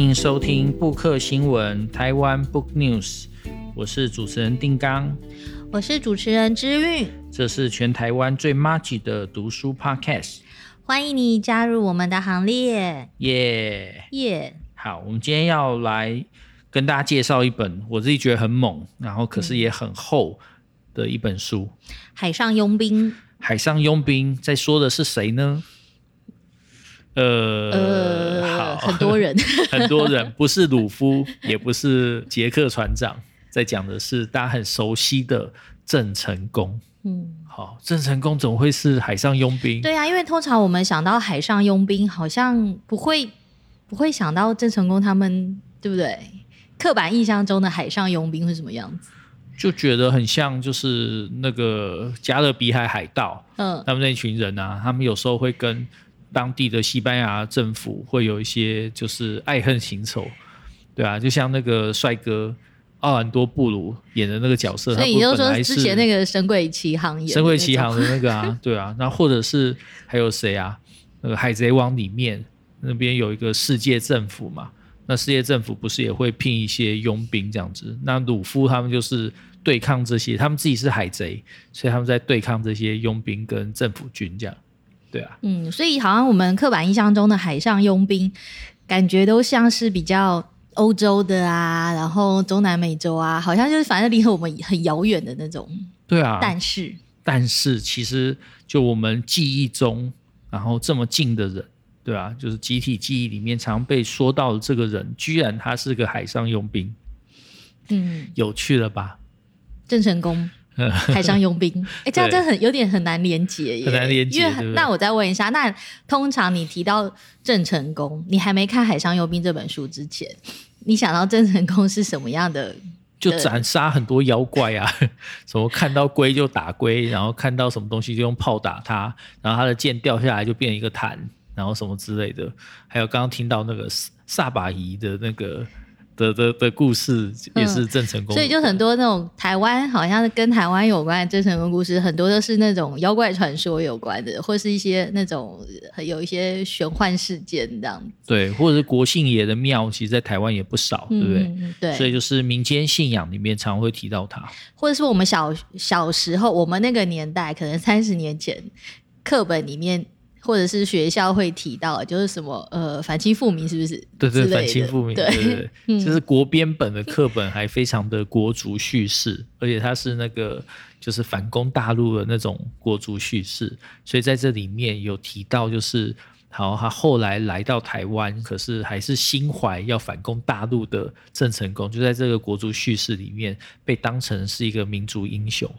歡迎收聽布克新聞台灣 Book News，我是主持人定綱，我是主持人之韻，這是全台灣最麻吉的讀書 Podcast，歡迎你加入我們的行列，耶、yeah、耶、yeah！好，我們今天要來跟大家介紹一本我自己覺得很猛，然後可是也很厚的一本書，嗯，《海上傭兵》。海上傭兵在說的是誰呢？呃，呃，好，很多人， 很多人不是魯夫， 也不是傑克船長，在講的是大家很熟悉的鄭成功。嗯，好，鄭成功怎麼會是海上傭兵？嗯、對呀、啊，因為通常我們想到海上傭兵，好像不會不會想到鄭成功他們，對不對？刻板印象中的海上傭兵是什麼樣子？就覺得很像，就是那個加勒比海海盜。嗯，他們那群人啊，他們有時候會跟。當地的西班牙政府會有一些就是愛恨情仇，對啊，就像那個帥哥奧蘭多布魯演的那個角色，所以你就說之前那個《神鬼奇航》演《神鬼奇航》的那個啊， 對啊，那或者是還有誰啊？那個《海賊王》裡面那邊有一個世界政府嘛，那世界政府不是也會聘一些傭兵這樣子？那魯夫他們就是對抗這些，他們自己是海賊，所以他們在對抗這些傭兵跟政府軍這樣。對啊，嗯，所以好像我們刻板印象中的海上傭兵，感覺都像是比較歐洲的啊，然後中南美洲啊，好像就是反正離我們很遙遠的那種。對啊，但是但是其實就我們記憶中，然後這麼近的人，對啊，就是集體記憶裡面常被說到的這個人，居然他是個海上傭兵，嗯，有趣了吧？鄭成功。海上傭兵，哎，這樣真的很有點很難連接耶。很難連接。因為對對，那我再問一下，那通常你提到鄭成功，你還沒看《海上傭兵》這本書之前，你想到鄭成功是什麼樣的？就斬殺很多妖怪啊， 什麼看到龜就打龜，然後看到什麼東西就用炮打它，然後他的劍掉下來就變成一個壇，然後什麼之類的。還有剛剛聽到那個撒把儀的那個。的的的故事也是鄭成功的故事，嗯，所以就很多那種台灣，好像是跟台灣有關的鄭成功故事，很多都是那種妖怪傳說有關的，或是一些那種有一些玄幻事件這樣子。對，或者是國姓爺的廟，其實，在台灣也不少，嗯，對不對？對，所以就是民間信仰裡面，常會提到他，或者是我們小小時候，我們那個年代，可能三十年前，課本裡面。或者是學校會提到，就是什麼呃反清復明是不是？對對、對，反清復明，對對，就是國編本的課本還非常的國族敘事， 而且它是那個就是反攻大陸的那種國族敘事，所以在這裡面有提到，就是好，他後來來到台灣，可是還是心懷要反攻大陸的鄭成功，就在這個國族敘事裡面被當成是一個民族英雄。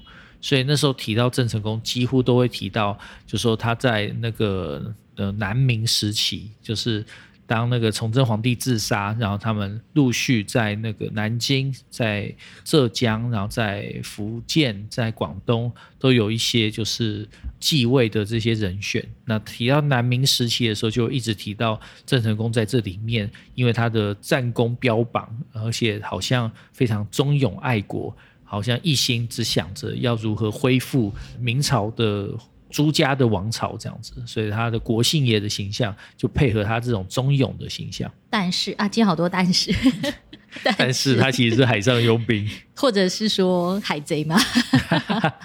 所以那時候提到鄭成功，幾乎都會提到，就是說他在那個呃南明時期，就是當那個崇禎皇帝自殺，然後他們陸續在那個南京、在浙江、然後在福建、在廣東都有一些就是繼位的這些人選。那提到南明時期的時候，就一直提到鄭成功在這裡面，因為他的戰功彪炳，而且好像非常忠勇愛國。好像一心只想着要如何恢復明朝的朱家的王朝這樣子，所以他的國姓爺的形象就配合他這種忠勇的形象。但是啊，今天好多但是， 但是，但是他其實是海上傭兵，或者是說海賊嗎？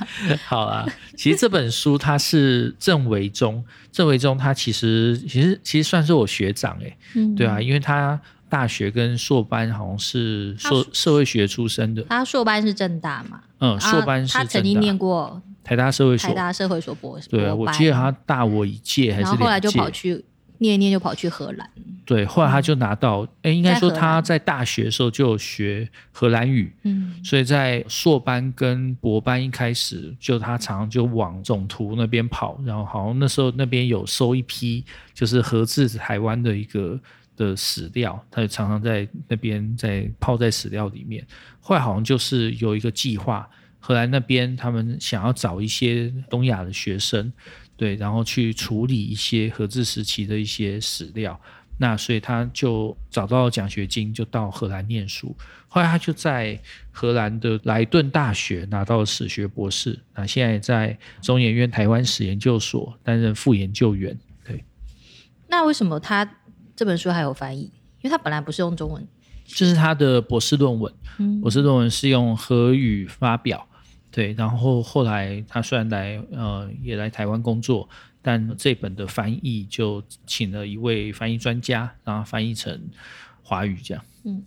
好啊，其實這本書他是鄭維中，鄭 維中他其實其實其實算是我學長哎、欸，嗯，對啊，因為他。大學跟碩班好像是社社會學出身的，他，他碩班是政大嘛？嗯，碩班是政大啊。他曾經念過台大社會所，台大社會所博士。對啊，我記得他大我一屆，嗯，還是兩屆。然後後來就跑去念一念，就跑去荷蘭。對，後來他就拿到哎，嗯，欸，應該說他在大學的時候就有學荷蘭語，嗯，所以在碩班跟博班一開始就他常常就往總圖那邊跑，然後好像那時候那邊有收一批，就是荷治台灣的一個。的史料，他就常常在那邊在泡在史料裡面。後來好像就是有一個計劃，荷蘭那邊他們想要找一些東亞的學生，對，然後去處理一些荷治時期的一些史料。那所以他就找到了獎學金，就到荷蘭唸書。後來他就在荷蘭的萊頓大學拿到了史學博士，那現在在中研院台灣史研究所擔任副研究員。對，那為什麼他？這本書還有翻譯，因為他本來不是用中文，就是他的博士論文，嗯、博士論文是用荷語發表，對，然後後來他雖然來呃，也來台灣工作，但這本的翻譯就請了一位翻譯專家，然後翻譯成華語這樣。嗯，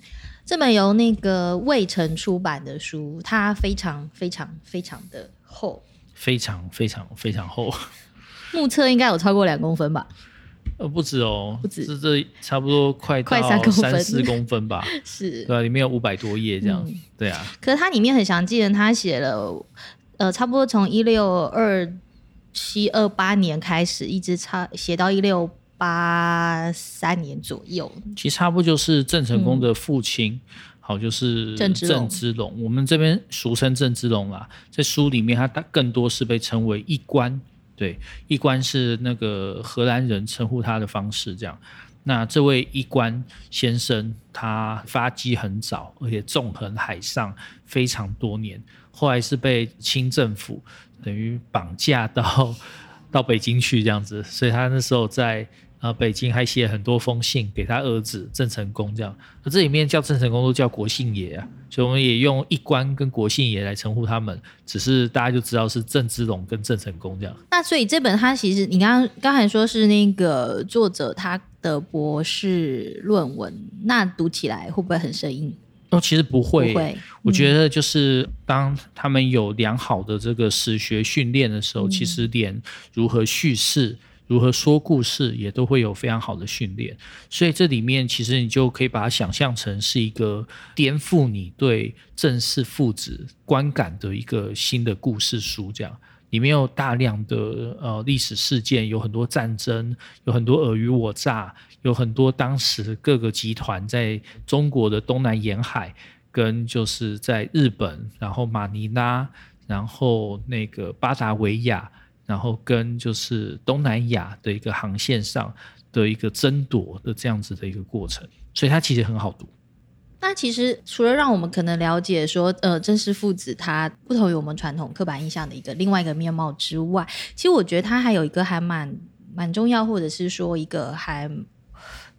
這本由那個衛城出版的書，它非常非常非常的厚，非常非常非常厚，目測應該有超過兩公分吧。呃，不止哦，不止是這差不多快三，快三公分、三四公分吧， 是，對啊，裡面有五百多頁這樣子，嗯，對啊。可是它裡面很詳細，他寫了，呃，差不多從一六二七二八年開始，一直差寫到一六八三年左右。其實差不多就是鄭成功的父親，嗯，好就是鄭鄭芝龍，我們這邊俗稱鄭芝龍啦，在書裡面他他更多是被稱為一官。對，一官是那個荷蘭人稱呼他的方式，這樣。那這位一官先生，他發跡很早，而且縱橫海上非常多年，後來是被清政府等於綁架到到北京去這樣子，所以他那時候在。啊，北京還寫很多封信給他兒子鄭成功這樣，可這裡面叫鄭成功都叫國姓爺啊，所以我們也用一官跟國姓爺來稱呼他們，只是大家就知道是鄭芝龍跟鄭成功這樣。那所以這本他其實你剛剛剛才說是那個作者他的博士論文，那讀起來會不會很生硬？哦，其實不會，不會。嗯，我覺得就是當他們有良好的這個史學訓練的時候、嗯，其實連如何敘事。如何說故事也都會有非常好的訓練，所以這裡面其實你就可以把它想象成是一個顛覆你對鄭氏父子觀感的一個新的故事書，這樣裡面有大量的呃歷史事件，有很多戰爭，有很多爾虞我詐，有很多當時各個集團在中國的東南沿海，跟就是在日本，然後馬尼拉，然後那個巴達維亞。然後跟就是東南亞的一個航線上的一個爭奪的這樣子的一個過程，所以它其實很好讀。那其實除了讓我們可能了解說，呃，鄭氏父子他不同於我們傳統刻板印象的一個另外一個面貌之外，其實我覺得它還有一個還蠻蠻重要，或者是說一個還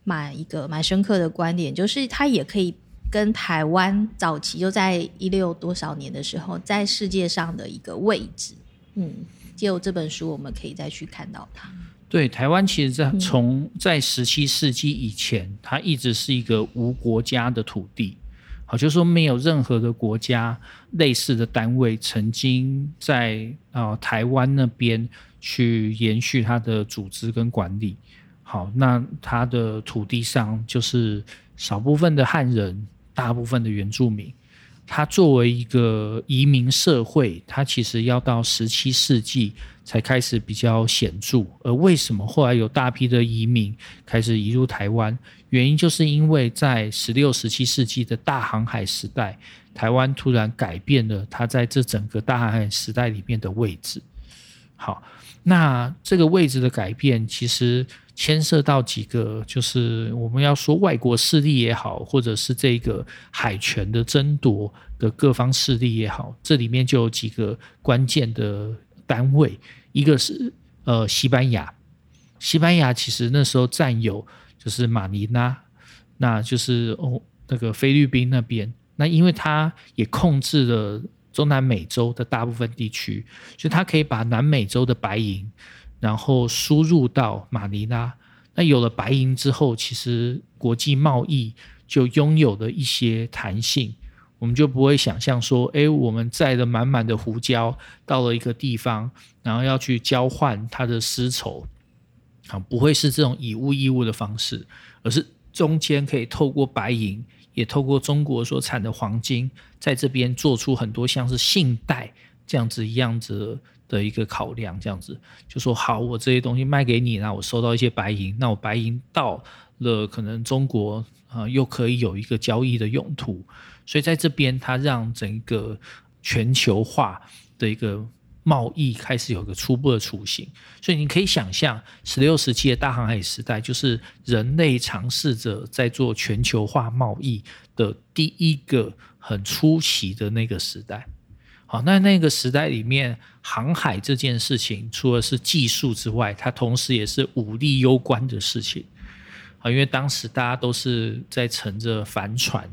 蠻一個蠻深刻的觀點，就是它也可以跟台灣早期就在一六多少年的時候在世界上的一個位置，嗯。借由這本書，我們可以再去看到它。對，台灣其實，在從在十七世紀以前，嗯，它一直是一個無國家的土地。好，就是、說沒有任何的國家類似的單位曾經在啊、呃、台灣那邊去延續它的組織跟管理。好，那它的土地上就是少部分的漢人，大部分的原住民。它作為一個移民社會，它其實要到十七世紀才開始比較顯著。而為什麼後來有大批的移民開始移入台灣？原因就是因為在十六、十七世紀的大航海時代，台灣突然改變了它在這整個大航海時代裡面的位置。好，那這個位置的改變其實。牽涉到幾個，就是我們要說外國勢力也好，或者是這個海權的爭奪的各方勢力也好，這裡面就有幾個關鍵的單位，一個是呃西班牙，西班牙其實那時候佔有就是馬尼拉，那就是，哦，那個菲律賓那邊，那因為它也控制了中南美洲的大部分地區，所以它可以把南美洲的白銀。然後輸入到馬尼拉，那有了白銀之後，其實國際貿易就擁有了一些彈性，我們就不會想象說，哎，我們載着滿滿的胡椒到了一個地方，然後要去交換它的絲綢，啊，不會是這種以物易物的方式，而是中間可以透過白銀，也透過中國所產的黃金，在這邊做出很多像是信貸這樣子一樣子的。的一個考量，這樣子就說好，我這些東西賣給你，那我收到一些白銀，那我白銀到了可能中國啊、呃，又可以有一個交易的用途，所以在這邊它讓整個全球化的一個貿易開始有一個初步的雛形，所以你可以想象，十六世紀的大航海時代就是人類嘗試着在做全球化貿易的第一個很初期的那個時代。好，那那個時代裡面，航海這件事情，除了是技術之外，它同時也是武力攸關的事情。好，因為當時大家都是在乘着帆船，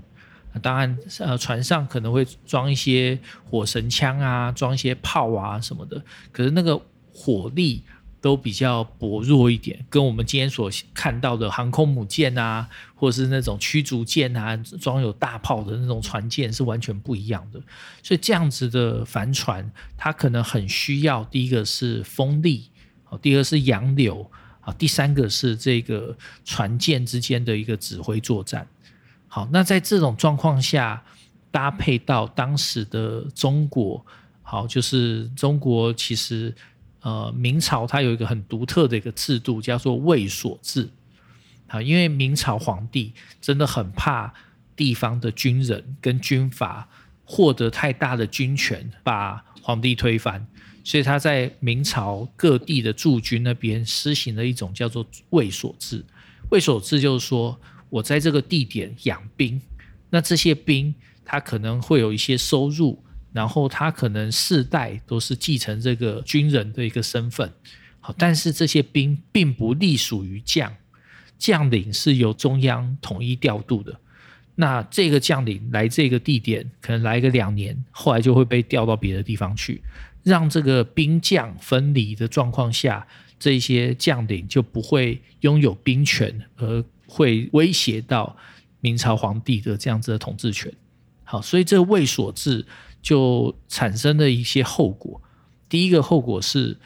當然，呃，船上可能會裝一些火繩槍啊，裝一些炮啊什麼的，可是那個火力。都比較薄弱一點，跟我們今天所看到的航空母艦啊，或者是那種驅逐艦啊，裝有大炮的那種船艦是完全不一樣的。所以這樣子的帆船，它可能很需要第一個是風力，好、喔，第二是洋流，好、喔，第三個是這個船艦之間的一個指揮作戰。好，那在這種狀況下，搭配到當時的中國，好，就是中國其實。呃，明朝它有一個很獨特的一個制度，叫做衛所制。啊，因為明朝皇帝真的很怕地方的軍人跟軍閥獲得太大的軍權，把皇帝推翻，所以他在明朝各地的駐軍那邊施行了一種叫做衛所制。衛所制就是說我在這個地點養兵，那這些兵他可能會有一些收入。然後他可能世代都是繼承這個軍人的一個身份，好，但是這些兵並不隸屬於將，將領是由中央統一調度的。那這個將領來這個地點，可能來個兩年，後來就會被調到別的地方去。讓這個兵將分離的狀況下，這些將領就不會擁有兵權，而會威脅到明朝皇帝的這樣子的統治權。好，所以這衛所制，就產生了一些後果。第一個後果是，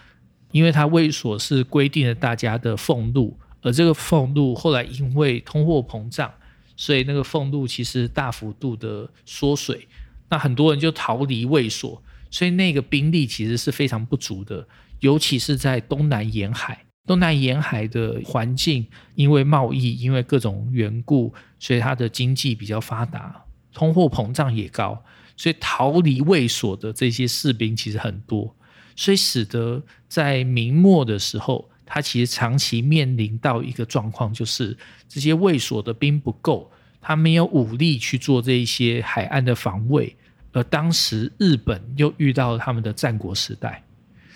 因為它衛所是規定了大家的俸祿，而這個俸祿後來因為通貨膨脹，所以那個俸祿其實大幅度的縮水。那很多人就逃離衛所，所以那個兵力其實是非常不足的。尤其是在東南沿海，東南沿海的環境因為貿易，因為各種緣故，所以它的經濟比較發達，通貨膨脹也高。所以逃離衛所的這些士兵其實很多，所以使得在明末的時候，他其實長期面臨到一個狀況，就是這些衛所的兵不夠，他沒有武力去做這一些海岸的防衛。而當時日本又遇到了他們的戰國時代，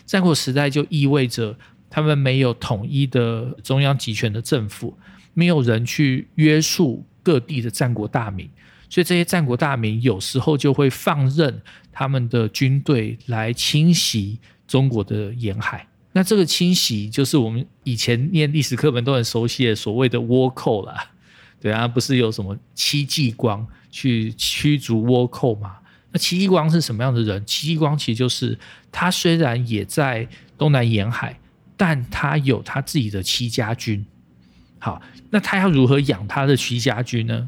戰國時代就意味着他們沒有統一的中央集權的政府，沒有人去約束各地的戰國大名。所以這些戰國大名有時候就會放任他們的軍隊來侵襲中國的沿海。那這個侵襲就是我們以前念歷史課本都很熟悉的所謂的倭寇啦。對啊，不是有什麼戚繼光去驅逐倭寇嘛？那戚繼光是什麼樣的人？戚繼光其實就是他雖然也在東南沿海，但他有他自己的戚家軍。好，那他要如何養他的戚家軍呢？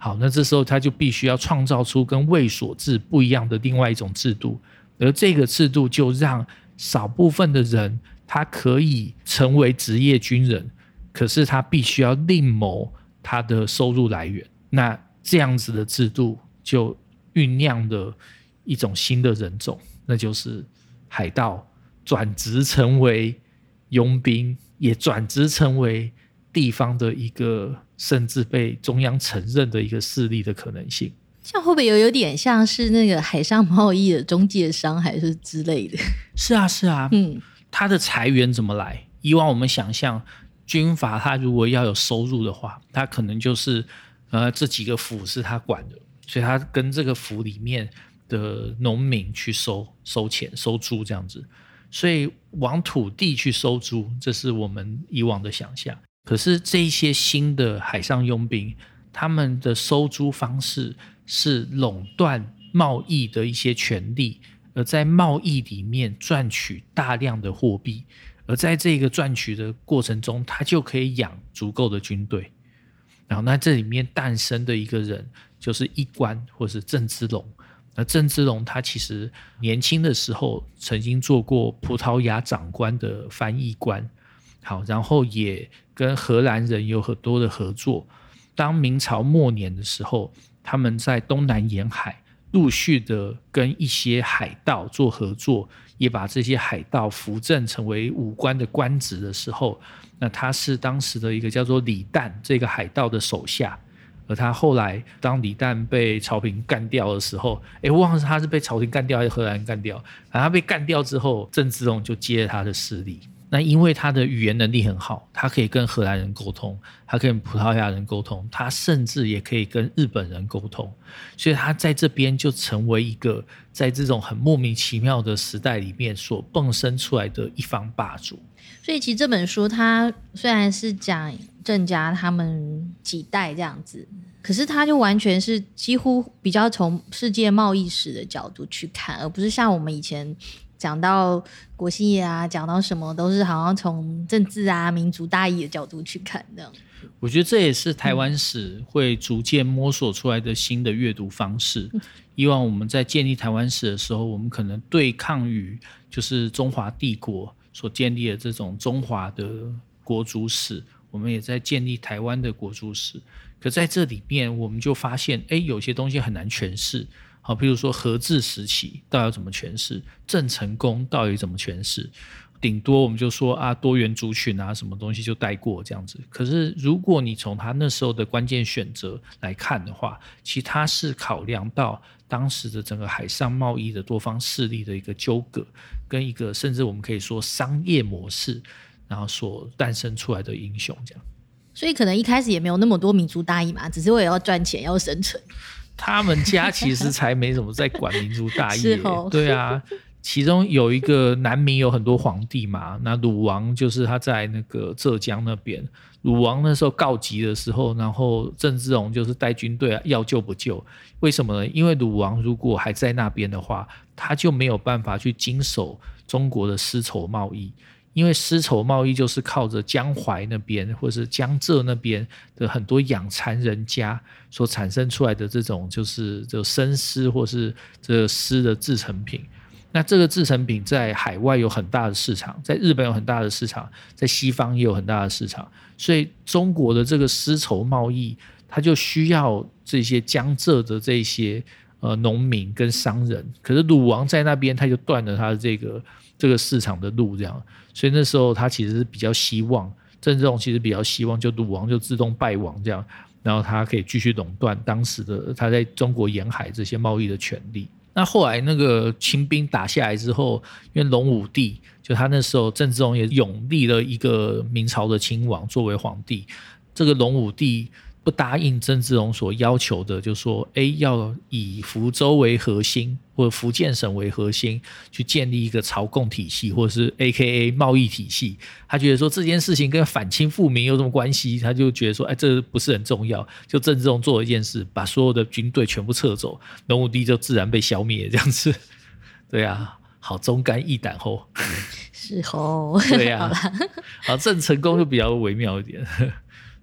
好，那這時候他就必須要創造出跟衛所制不一樣的另外一種制度，而這個制度就讓少部分的人他可以成為職業軍人，可是他必須要另謀他的收入來源。那這樣子的制度就醞釀的一種新的人種，那就是海盜轉職成為傭兵，也轉職成為。地方的一個甚至被中央承認的一個勢力的可能性，像會不會有有點像是那個海上貿易的中介商還是之類的？是啊，是啊，嗯，他的財源怎麼來？以往我們想象，軍閥他如果要有收入的話，他可能就是呃這幾個府是他管的，所以他跟這個府裡面的農民去收收錢、收租這樣子，所以往土地去收租，這是我們以往的想象。可是這一些新的海上傭兵，他們的收租方式是壟斷貿易的一些權利，而在貿易裡面賺取大量的貨幣，而在這個賺取的過程中，他就可以養足夠的軍隊。然後，那這裡面誕生的一個人就是一官，或是鄭芝龍。那鄭芝龍他其實年輕的時候曾經做過葡萄牙長官的翻譯官。好，然後也跟荷蘭人有很多的合作。當明朝末年的時候，他們在東南沿海陸續的跟一些海盜做合作，也把這些海盜扶正成為武官的官職的時候，那他是當時的一個叫做李旦這個海盜的手下。而他後來當李旦被朝廷幹掉的時候，哎，忘了他是被朝廷幹掉還是荷蘭幹掉。然後他被幹掉之後，鄭芝龍就接了他的勢力。那因為他的語言能力很好，他可以跟荷蘭人溝通，他可以跟葡萄牙人溝通，他甚至也可以跟日本人溝通，所以他在這邊就成為一個在這種很莫名其妙的時代裡面所迸生出來的一方霸主。所以其實這本書他雖然是講鄭家他們幾代這樣子，可是他就完全是幾乎比較從世界貿易史的角度去看，而不是像我們以前。講到國姓爺啊，講到什麼都是好像從政治啊、民族大義的角度去看的。我覺得這也是台灣史會逐漸摸索出來的新的閱讀方式，嗯。以往我們在建立台灣史的時候，我們可能對抗於就是中華帝國所建立的這種中華的國族史，我們也在建立台灣的國族史。可在這裡面，我們就發現，誒，有些東西很難詮釋。啊，比如說荷治時期到底要怎麼詮釋？鄭成功到底怎麼詮釋？頂多我們就說啊，多元族群啊，什麼東西就帶過這樣子。可是如果你從他那時候的關鍵選擇來看的話，其他是考量到當時的整個海上貿易的多方勢力的一個糾葛，跟一個甚至我們可以說商業模式，然後所誕生出來的英雄這樣。所以可能一開始也沒有那麼多民族大義嘛，只是為了要賺錢，要生存。 他們家其實才沒怎麼在管民族大義， 是哦、對啊，哦、其中有一個南明有很多皇帝嘛， 那魯王就是他在那個浙江那邊，魯王那時候告急的時候，然後鄭芝龍就是帶軍隊要救不救？為什麼呢？因為魯王如果還在那邊的話，他就沒有辦法去經手中國的絲綢貿易。因為絲綢貿易就是靠着江淮那邊，或者是江浙那邊的很多養蠶人家所產生出來的這種，就是這生絲或是這絲的製成品。那這個製成品在海外有很大的市場，在日本有很大的市場，在西方也有很大的市場。所以中國的這個絲綢貿易，它就需要這些江浙的這些呃農民跟商人。可是魯王在那邊，他就斷了他的這個這個市場的路，這樣。所以那時候他其實是比較希望鄭芝龍其實比較希望，就魯王就自動敗亡這樣，然後他可以繼續壟斷當時的他在中國沿海這些貿易的權利。那後來那個清兵打下來之後，因為隆武帝，就他那時候鄭芝龍也擁立了一個明朝的親王作為皇帝，這個隆武帝不答應鄭芝龍所要求的，就說哎，要以福州為核心。或福建省為核心去建立一個朝貢體系，或者是 A K A 貿易體系。他覺得說，這件事情跟反清復明有什麼關係？他就覺得說，哎、欸，這不是很重要。就鄭芝龍做一件事，把所有的軍隊全部撤走，隆武帝就自然被消滅了。這樣子，對呀，好忠肝義膽吼是哦，對呀，好，鄭、 啊、成功就比較微妙一點。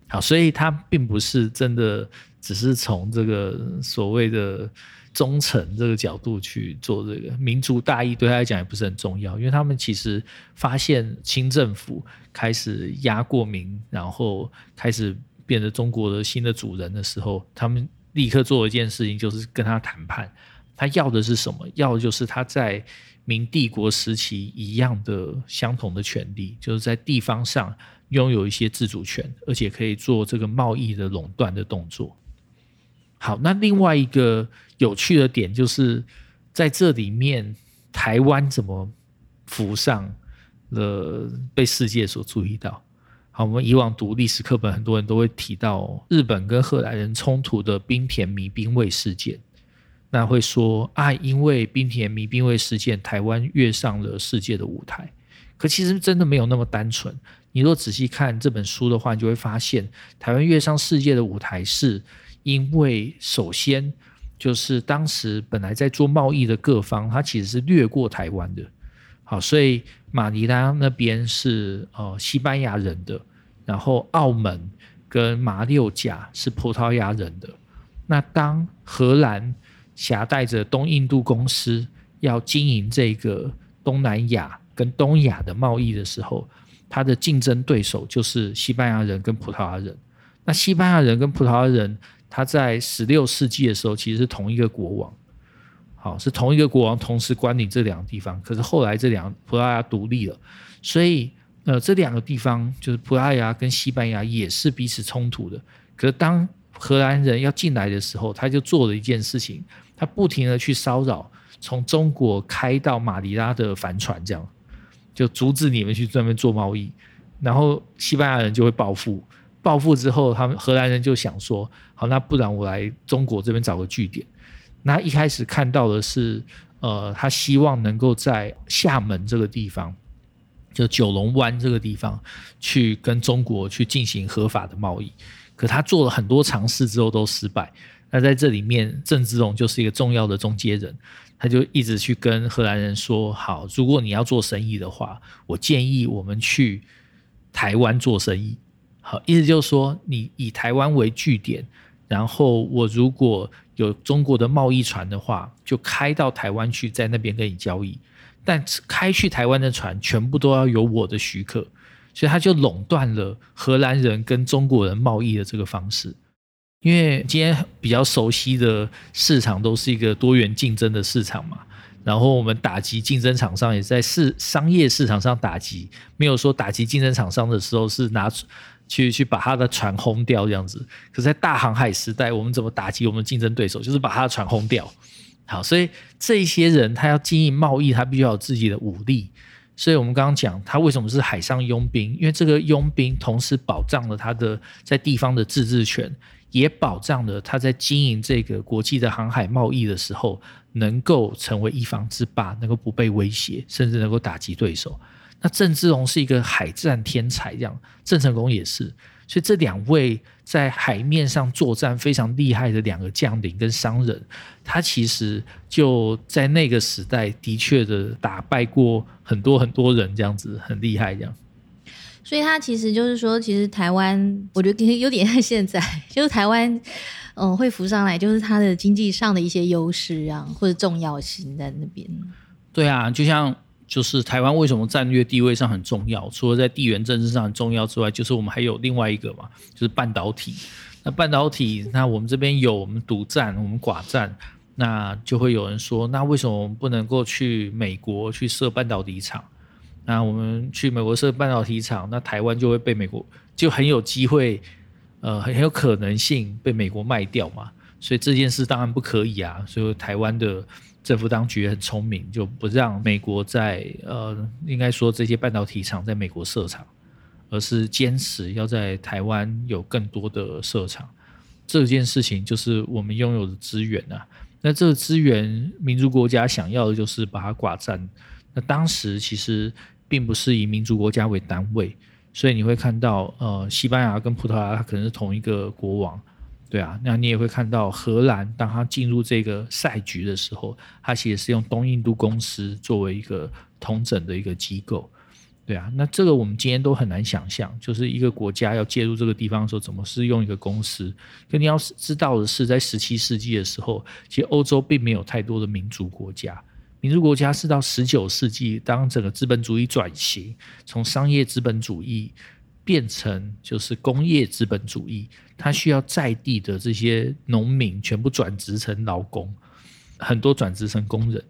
好，所以他並不是真的只是從這個所謂的。忠誠這個角度去做，這個民族大義對他來講也不是很重要，因為他們其實發現清政府開始壓過民，然後開始變成中國的新的主人的時候，他們立刻做了一件事情，就是跟他談判。他要的是什麼？要的就是他在明帝國時期一樣的相同的權利，就是在地方上擁有一些自主權，而且可以做這個貿易的壟斷的動作。好，那另外一個有趣的點就是，在這裡面，台灣怎麼浮上了被世界所注意到？好，我們以往讀歷史課本，很多人都會提到日本跟荷蘭人衝突的濱田彌兵衛事件，那會說啊，因為濱田彌兵衛事件，台灣躍上了世界的舞台。可其實真的沒有那麼單純。你若仔細看這本書的話，你就會發現，台灣躍上世界的舞台是。因為首先就是當時本來在做貿易的各方，他其實是略過台灣的，好，所以馬尼拉那邊是呃西班牙人的，然後澳門跟馬六甲是葡萄牙人的。那當荷蘭挾帶着東印度公司要經營這個東南亞跟東亞的貿易的時候，他的競爭對手就是西班牙人跟葡萄牙人。那西班牙人跟葡萄牙人，他在十六世紀的時候其實是同一個國王，好是同一個國王同時管理這兩個地方。可是後來這兩葡萄牙獨立了，所以呃這兩個地方就是葡萄牙跟西班牙也是彼此衝突的。可是當荷蘭人要進來的時候，他就做了一件事情，他不停的去騷擾從中國開到馬尼拉的帆船，這樣就阻止你們去專門做貿易，然後西班牙人就會報復。暴富之後，他們荷蘭人就想說：“好，那不然我來中國這邊找個據點。”那一開始看到的是，呃，他希望能夠在廈門這個地方，就九龍灣這個地方，去跟中國去進行合法的貿易。可他做了很多嘗試之後都失敗。那在這裡面，鄭芝龍就是一個重要的中間人，他就一直去跟荷蘭人說：“好，如果你要做生意的話，我建議我們去台灣做生意。”好，意思就是說，你以台灣為據點，然後我如果有中國的貿易船的話，就開到台灣去，在那邊跟你交易。但開去台灣的船全部都要有我的許可，所以他就壟斷了荷蘭人跟中國人貿易的這個方式。因為今天比較熟悉的市場都是一個多元競爭的市場嘛，然後我們打擊競爭廠商也，也在市商業市場上打擊，沒有說打擊競爭廠商的時候是拿出。去去把他的船轟掉這樣子，可是在大航海時代，我們怎麼打擊我們的競爭對手？就是把他的船轟掉。好，所以這些人他要經營貿易，他必須要有自己的武力。所以我們剛剛講他為什麼是海上傭兵？因為這個傭兵同時保障了他的在地方的自治權，也保障了他在經營這個國際的航海貿易的時候，能夠成為一方之霸，能夠不被威脅，甚至能夠打擊對手。那鄭芝龍是一個海戰天才，這樣鄭成功也是，所以這兩位在海面上作戰非常厲害的兩個將領跟商人，他其實就在那個時代的確的打敗過很多很多人，這樣子很厲害，這樣。所以他其實就是說，其實台灣，我覺得有點像現在，就是台灣，嗯，會浮上來，就是它的經濟上的一些優勢啊，或者重要性在那邊。對啊，就像。就是台灣為什麼戰略地位上很重要？除了在地緣政治上很重要之外，就是我們還有另外一個嘛，就是半導體。那半導體，那我們這邊有，我們獨占，我們寡占，那就會有人說，那為什麼我們不能夠去美國去設半導體廠？那我們去美國設半導體廠，那台灣就會被美國，就很有機會，呃，很很有可能性被美國賣掉嘛。所以這件事當然不可以啊！所以台灣的政府當局很聰明，就不讓美國在呃，應該說這些半導體廠在美國設廠，而是堅持要在台灣有更多的設廠。這件事情就是我們擁有的資源啊。那這個資源，民族國家想要的就是把它寡占。那當時其實並不是以民族國家為單位，所以你會看到，呃，西班牙跟葡萄牙可能是同一個國王。對啊，那你也會看到荷蘭，當他進入這個賽局的時候，他其實是用東印度公司作為一個統整的一個機構。對啊，那這個我們今天都很難想象，就是一個國家要介入這個地方的時候，怎麼是用一個公司？可你要知道的是，在十七世紀的時候，其實歐洲並沒有太多的民族國家，民族國家是到十九世紀，當整個資本主義轉型，從商業資本主義。變成就是工業資本主義，它需要在地的這些農民全部轉職成勞工，很多轉職成工人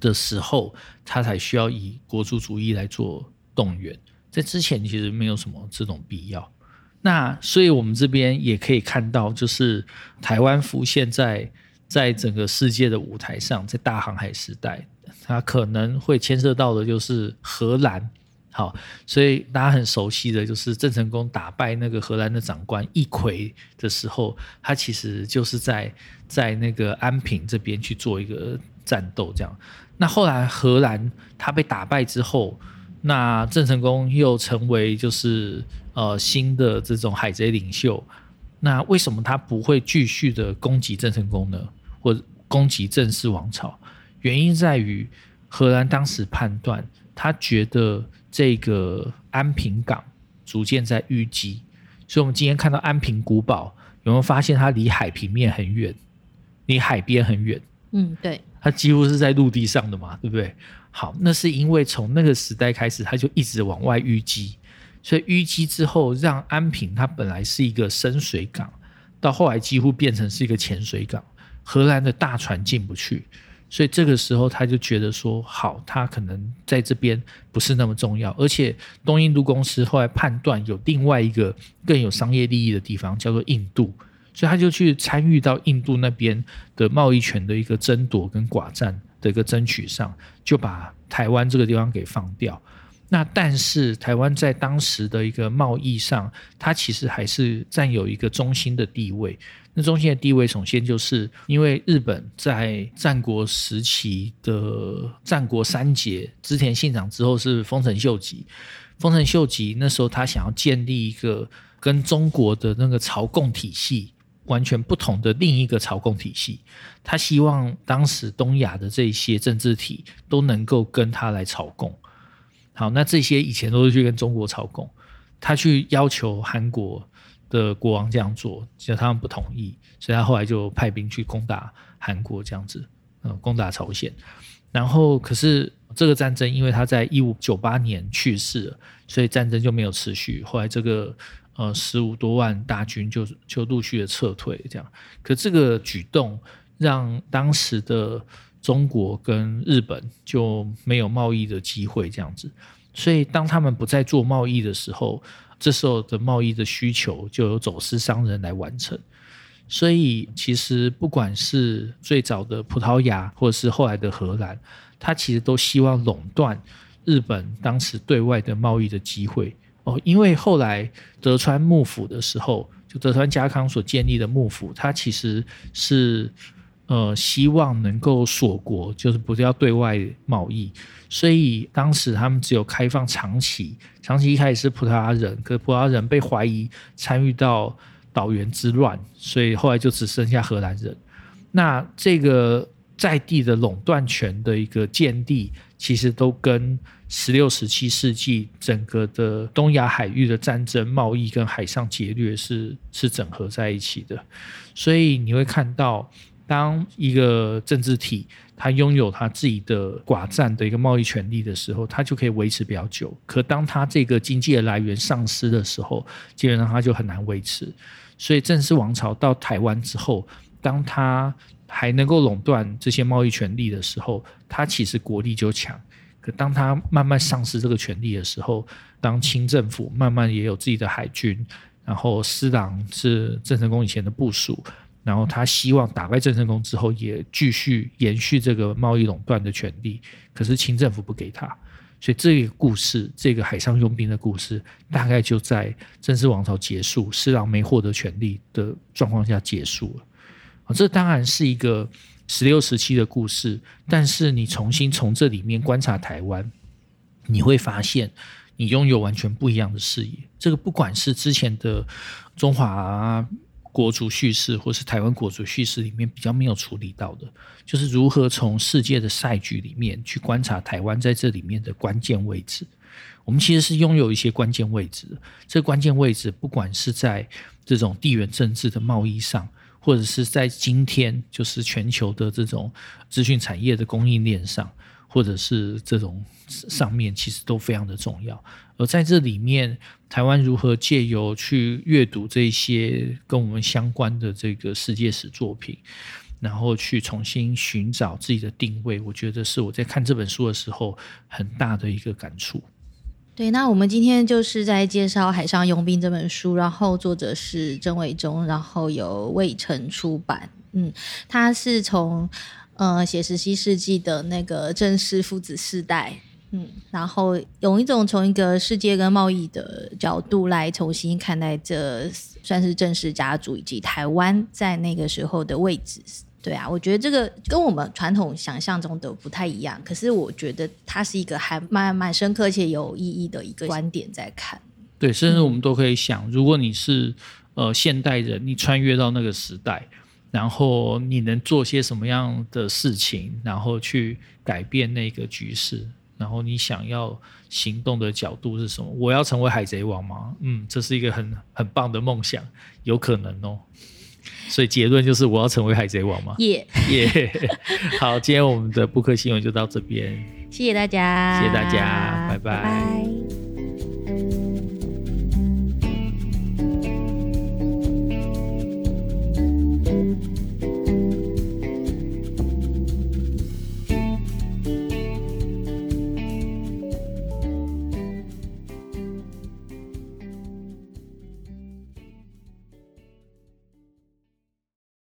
的時候，它才需要以國族主義來做動員。在之前其實沒有什麼這種必要。那所以我們這邊也可以看到，就是台灣浮現在在整個世界的舞台上，在大航海時代，它可能會牽涉到的就是荷蘭。好，所以大家很熟悉的就是鄭成功打敗那個荷蘭的長官揆一的時候，他其實就是在在那個安平這邊去做一個戰鬥，這樣。那後來荷蘭他被打敗之後，那鄭成功又成為就是呃新的這種海賊領袖。那為什麼他不會繼續的攻擊鄭成功呢？或攻擊鄭氏王朝？原因在於荷蘭當時判斷，他覺得。這個安平港逐漸在淤積，所以，我們今天看到安平古堡，有沒有發現它離海平面很遠，離海邊很遠？嗯，對，它幾乎是在陸地上的嘛，對不對？好，那是因為從那個時代開始，它就一直往外淤積，所以淤積之後，讓安平它本來是一個深水港，到後來幾乎變成是一個淺水港，荷蘭的大船進不去。所以這個時候，他就覺得說，好，他可能在這邊不是那麼重要。而且東印度公司後來判斷有另外一個更有商業利益的地方，叫做印度，所以他就去參與到印度那邊的貿易權的一個爭奪跟寡占的一個爭取上，就把台灣這個地方給放掉。那但是台灣在當時的一個貿易上，它其實還是占有一個中心的地位。那中心的地位首先就是因為日本在戰國時期的戰國三傑，織田信長之後是豐臣秀吉。豐臣秀吉那時候他想要建立一個跟中國的那個朝貢體系完全不同的另一個朝貢體系，他希望當時東亞的這些政治體都能夠跟他來朝貢。好，那這些以前都是去跟中國朝貢，他去要求韓國的國王這樣做，結果他們不同意，所以他後來就派兵去攻打韓國這樣子，嗯、呃，攻打朝鮮。然後，可是這個戰爭因為他在一五九八年去世了，所以戰爭就沒有持續。後來這個呃十五多萬大軍就就陸續的撤退，這樣。可這個舉動讓當時的中國跟日本就沒有貿易的機會，這樣子。所以當他們不再做貿易的時候。這時候的貿易的需求就由走私商人來完成，所以其實不管是最早的葡萄牙，或者是後來的荷蘭，他其實都希望壟斷日本當時對外的貿易的機會哦，因為後來德川幕府的時候，就德川家康所建立的幕府，他其實是。呃，希望能夠鎖國，就是不是要對外貿易，所以當時他們只有開放長崎。長崎一開始是葡萄牙人，可葡萄牙人被懷疑參與到島原之亂，所以後來就只剩下荷蘭人。那這個在地的壟斷權的一個建立，其實都跟十六、十七世紀整個的東亞海域的戰爭、貿易跟海上劫掠是是整合在一起的，所以你會看到。當一個政治體它擁有它自己的寡占的一個貿易權利的時候，它就可以維持比較久。可當它這個經濟的來源喪失的時候，基本上它就很難維持。所以鄭氏王朝到台灣之後，當他還能夠壟斷這些貿易權利的時候，他其實國力就強。可當他慢慢喪失這個權利的時候，當清政府慢慢也有自己的海軍，然後施琅是鄭成功以前的部屬，然後他希望打敗鄭成功之後，也繼續延續這個貿易壟斷的權利，可是清政府不給他，所以這個故事，這個海上傭兵的故事，大概就在鄭氏王朝結束，施琅沒獲得權利的狀況下結束了。哦，這當然是一個十六世紀的故事，但是你重新從這裡面觀察台灣，你會發現你擁有完全不一樣的視野。這個不管是之前的中華啊。國族敘事，或是台灣國族敘事裡面比較沒有處理到的，就是如何從世界的賽局裡面去觀察台灣在這裡面的關鍵位置。我們其實是擁有一些關鍵位置的，這關鍵位置不管是在這種地緣政治的貿易上，或者是在今天就是全球的這種資訊產業的供應鏈上。或者是這種上面，其實都非常的重要。而在這裡面，台灣如何借由去閱讀這些跟我們相關的這個世界史作品，然後去重新尋找自己的定位，我覺得是我在看這本書的時候很大的一個感觸。對，那我們今天就是在介紹《海上傭兵》這本書，然後作者是鄭維中，然後由衛城出版。嗯，他是從。呃、嗯，寫十七世紀的那個鄭氏父子世代，嗯，然後有一種從一個世界跟貿易的角度來重新看待，這算是鄭氏家族以及台灣在那個時候的位置。對啊，我覺得這個跟我們傳統想象中的不太一樣，可是我覺得它是一個還蠻蠻深刻且有意義的一個觀點在看，嗯。對，甚至我們都可以想，如果你是呃現代人，你穿越到那個時代，然後你能做些什麼樣的事情，然後去改變那個局勢？然後你想要行動的角度是什麼？我要成為海賊王嗎？嗯，這是一個很很棒的夢想，有可能哦。所以結論就是我要成為海賊王嗎？耶耶！好，今天我們的布克新聞就到這邊， 謝謝大家，謝謝大家，拜拜。拜拜。